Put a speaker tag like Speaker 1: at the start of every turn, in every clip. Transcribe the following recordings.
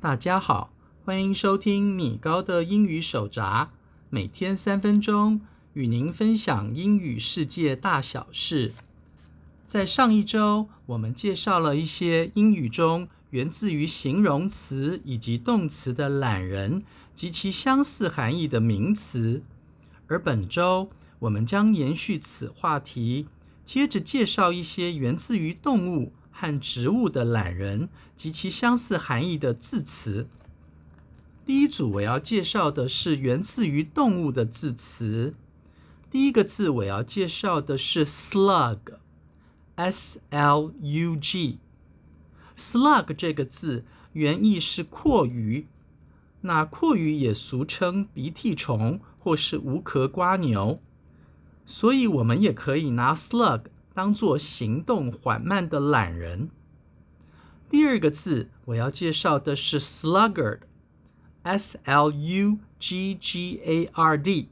Speaker 1: 大家好，歡迎收聽米高的英語手札，每天三分鐘，與您分享英語世界大小事。在上一週，我們介紹了一些英語中源自於形容詞以及動詞的“懶人”及其相似含義的名詞，而本週我們將延續此話題。接着介紹一些源自於動物和植物的“懶人”及其相似含義的字詞。第一組我要介紹的是源自於動物的字詞。第一個字我要介紹的是 “slug”，s-l-u-g。slug 這個字原意是蛞蝓，那蛞蝓也俗稱鼻涕蟲或是無殼蝸牛。所以，我們也可以拿 slug 當做行動緩慢的懶人。第二個字我要介紹的是 sluggard，s l u g g a r d。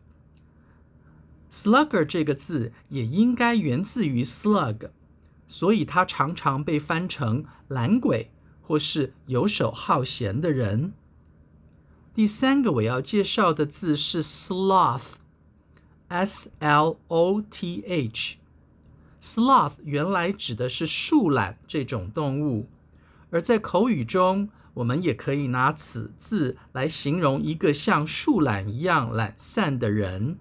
Speaker 1: sluggard 這個字也應該源自於 slug，所以它常常被翻成懶鬼或是游手好閒的人。第三個我要介紹的字是 sloth。S L O T H，sloth 原來指的是樹懶這種動物，而在口語中，我們也可以拿此字來形容一個像樹懶一樣懶散的人。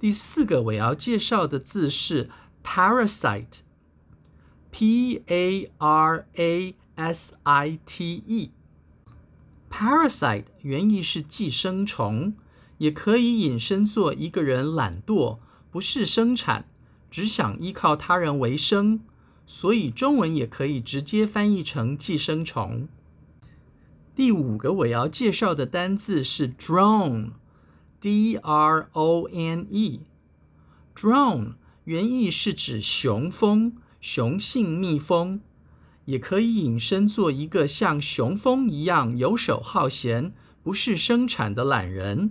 Speaker 1: 第四個我要介紹的字是 parasite，P A R A S I T E，parasite 原意是寄生蟲。也可以引申做一個人懶惰，不事生產，只想依靠他人為生，所以中文也可以直接翻譯成寄生蟲。第五個我要介紹的單字是 drone，d r o n e，drone 原意是指雄蜂，雄性蜜蜂，也可以引申做一個像雄蜂一樣游手好閒，不事生產的懶人。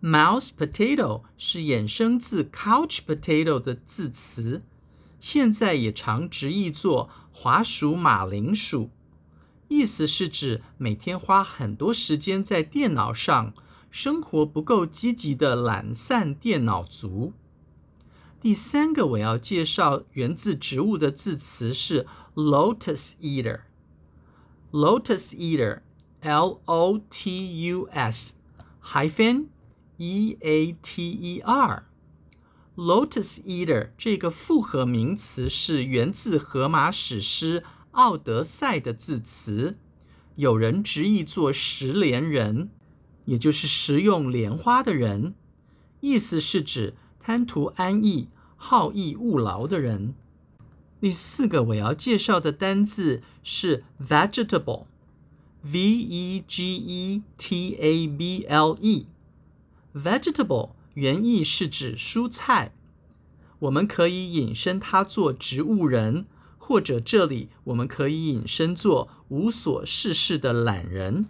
Speaker 1: Mouse potato 是衍生自 couch potato 的字詞，現在也常直譯做“滑鼠馬鈴薯”，意思是指每天花很多時間在電腦上、生活不夠積極的懶散電腦族。第三個我要介紹源自植物的字詞是 lotus eater。lotus eater，L-O-T-U-S，hyphen。O T U S, E A T E R，Lotus Eater 這個複合名詞是源自荷馬史詩《奧德賽》的字詞。有人直譯做“食蓮人”，也就是食用蓮花的人。意思是指貪圖安逸、好逸惡勞的人。第四個我要介紹的單字是 Vegetable，V E G E T A B L E。Vegetable 原意是指蔬菜，我們可以引申它做植物人，或者這裡我們可以引申做無所事事的懶人。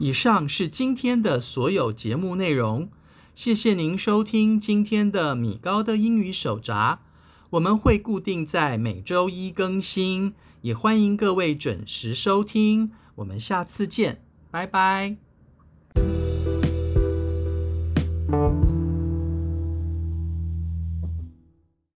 Speaker 1: 以上是今天的所有節目內容，謝謝您收聽今天的米高的英語手札。我們會固定在每周一更新，也歡迎各位準時收聽。我們下次見，拜拜。